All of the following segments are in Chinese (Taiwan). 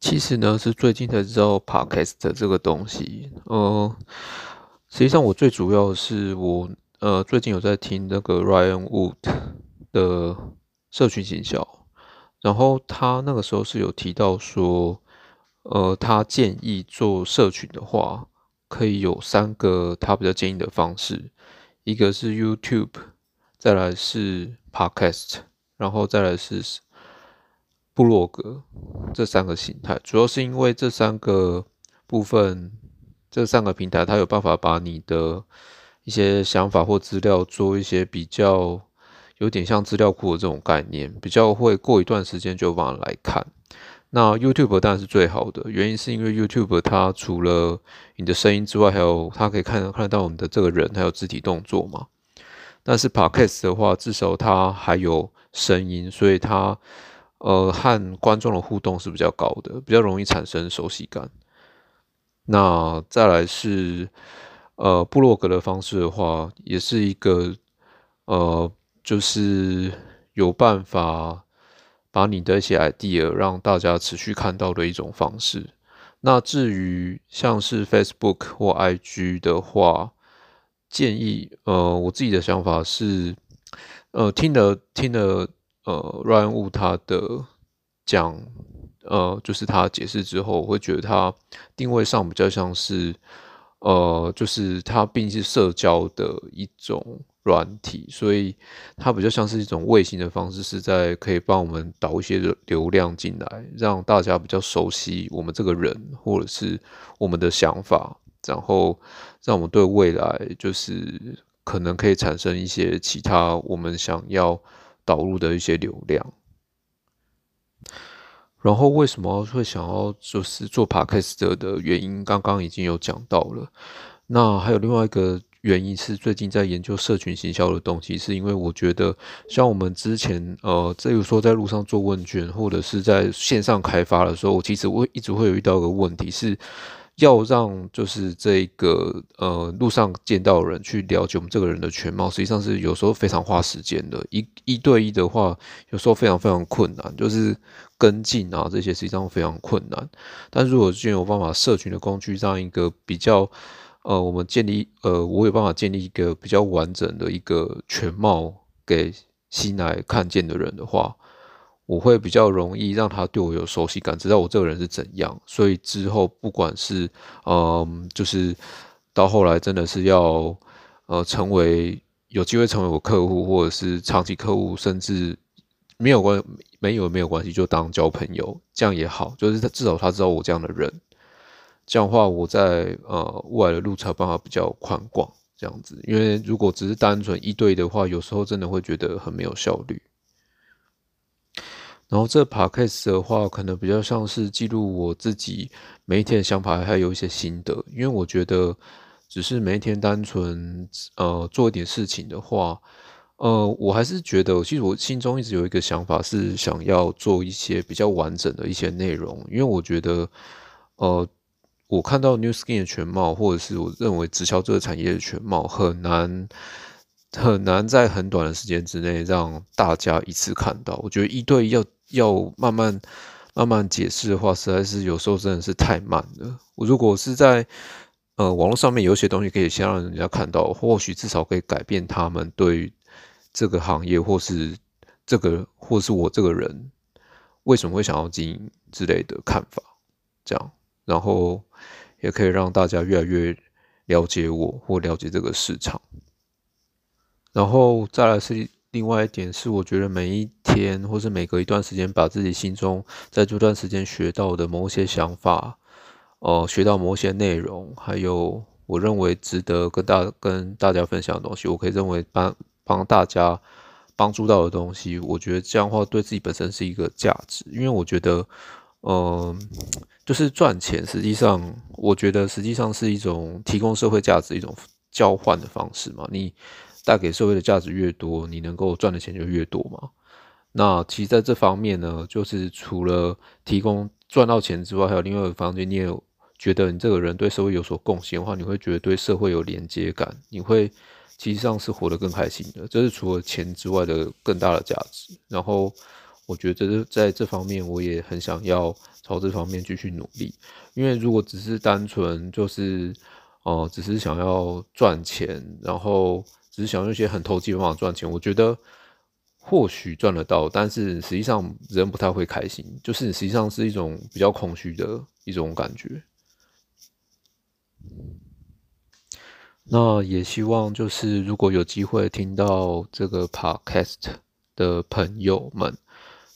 其實呢，是最近才知道 podcast 的這個東西。嗯、呃，實際上我最主要的是我呃最近有在聽那個 Ryan Wood 的社群行銷，然後他那個時候是有提到說，呃，他建議做社群的話，可以有三個他比較建議的方式，一個是 YouTube，再來是 podcast，然後再來是。部落格這三個形態，主要是因為這三個部分，這三個平台，它有辦法把你的一些想法或資料做一些比較有點像資料庫的這種概念，比較會過一段時間就有辦法來看。那 YouTube 當然是最好的，原因是因為 YouTube 它除了你的聲音之外，還有它可以看、看得到我們的這個人還有肢體動作嘛。但是 Podcast 的話，至少它還有聲音，所以它。呃，和觀眾的互動是比較高的，比較容易產生熟悉感。那再來是，呃，部落格的方式的話，也是一個，呃，就是有辦法把你的一些 idea 讓大家持續看到的一種方式。那至於像是 Facebook 或 IG 的話，建議，呃，我自己的想法是，呃，聽了聽了。呃，軟物它的講，呃，就是它解釋之後，我會覺得它定位上比較像是，呃，就是它畢竟是社交的一種軟體，所以它比較像是一種衛星的方式，是在可以幫我們導一些流量進來，讓大家比較熟悉我們這個人，或者是我們的想法，然後讓我們對未來就是可能可以產生一些其他我們想要導入的一些流量，然後為什麼會想要就是做 podcast 的原因，剛剛已經有講到了。那還有另外一個原因是，最近在研究社群行銷的東西，是因為我覺得像我們之前呃，比如說在路上做問卷，或者是在線上開發的時候，其實我一直會有遇到一個問題是。要讓就是這個呃路上見到的人去了解我們這個人的全貌，實際上是有時候非常花時間的。一一對一的話，有時候非常非常困難，就是跟進啊這些實際上非常困難。但是如果現有辦法社群的工具，這樣一個比較呃我們建立呃我有辦法建立一個比較完整的一個全貌給新來看見的人的話，我會比較容易讓他對我有熟悉感，知道我這個人是怎樣，所以之後不管是嗯，就是到後來真的是要呃成為有機會成為我客戶，或者是長期客戶，甚至沒有關沒有沒有關係，就當交朋友，這樣也好，就是他至少他知道我這樣的人，這樣的話我在呃未來的路才有辦法比較寬廣，這樣子，因為如果只是單純一對的話，有時候真的會覺得很沒有效率。然後這 podcast 的話，可能比較像是記錄我自己每一天的想法，還有一些心得。因為我覺得，只是每一天單純呃做一點事情的話，呃，我還是覺得，其實我心中一直有一個想法，是想要做一些比較完整的一些內容。因為我覺得，呃，我看到 new skin 的全貌，或者是我認為直銷這個產業的全貌，很難很難在很短的時間之內讓大家一次看到。我覺得一對一對要要慢慢慢慢解釋的話，實在是有時候真的是太慢了。我如果是在呃網絡上面有些東西可以先讓人家看到，或許至少可以改變他們對於這個行業或是這個或是我這個人為什麼會想要經營之類的看法。這樣，然後也可以讓大家越來越了解我或了解這個市場。然後再來是。另外一點是，我覺得每一天，或是每隔一段時間，把自己心中在這段時間學到的某些想法，呃，學到某些內容，還有我認為值得跟大跟大家分享的東西，我可以認為幫幫大家幫助到的東西，我覺得這樣的話對自己本身是一個價值，因為我覺得，嗯，就是賺錢，實際上我覺得實際上是一種提供社會價值一種交換的方式嘛，你。帶給社會的價值越多，你能夠賺的錢就越多嘛。那其實在這方面呢，就是除了提供賺到錢之外，還有另外一個方面。你也有覺得你這個人對社會有所貢獻的話，你會覺得對社會有連接感，你會其實上是活得更開心的。這是除了錢之外的更大的價值。然後我覺得在在這方面，我也很想要朝這方面繼續努力，因為如果只是單純就是哦、呃，只是想要賺錢，然後。只是想用一些很投機的方法賺錢，我覺得或許賺得到，但是實際上人不太會開心，就是實際上是一種比較空虛的一種感覺。那也希望就是如果有機會聽到這個 podcast 的朋友們，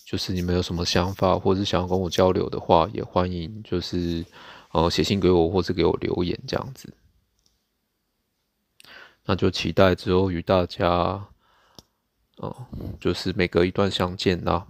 就是你們有什麼想法，或者想要跟我交流的話，也歡迎就是呃寫信給我，或是給我留言這樣子。那就期待之後與大家，哦、嗯，就是每隔一段相見啦。